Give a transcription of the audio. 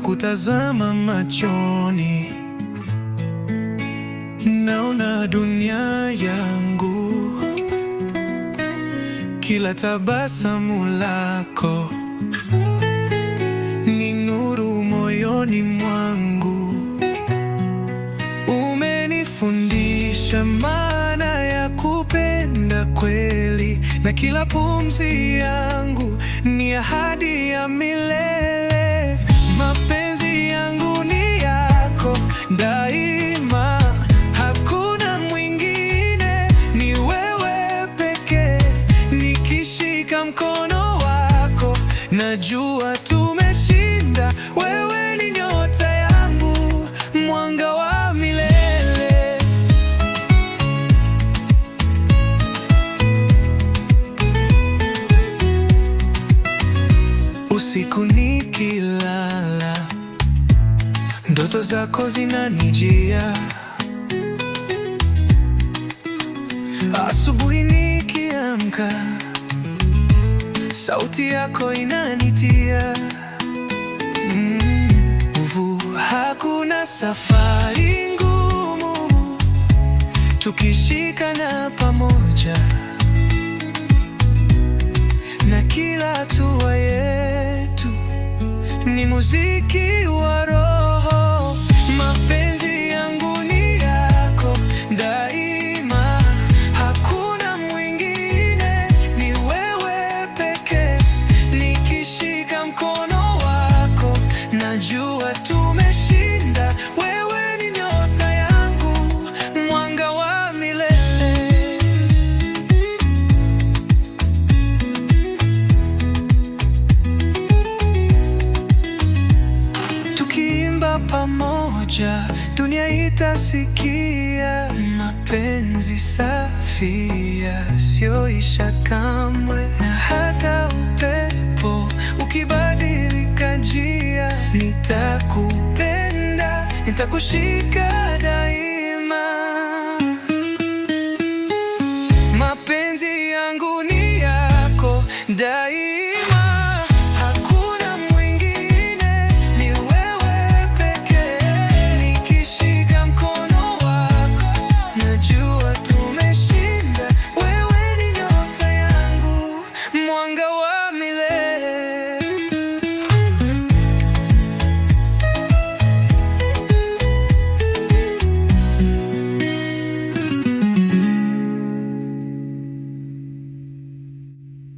kutazama machoni, naona dunia yangu, kila tabasamu lako ni nuru moyoni mwangu. Umenifundisha maana ya kupenda kweli, na kila pumzi yangu ni ahadi ya milele. najua tumeshinda, wewe ni nyota yangu, mwanga wa milele. Usiku nikilala, ndoto zako zinanijia, asubuhi nikiamka sauti yako inanitia mm, nguvu mm. Hakuna safari ngumu tukishikana pamoja, na kila hatua yetu ni muziki wa roho. pamoja, dunia itasikia mapenzi safi yasiyoisha kamwe. Na hata upepo ukibadilika njia, nitakupenda, nitakushika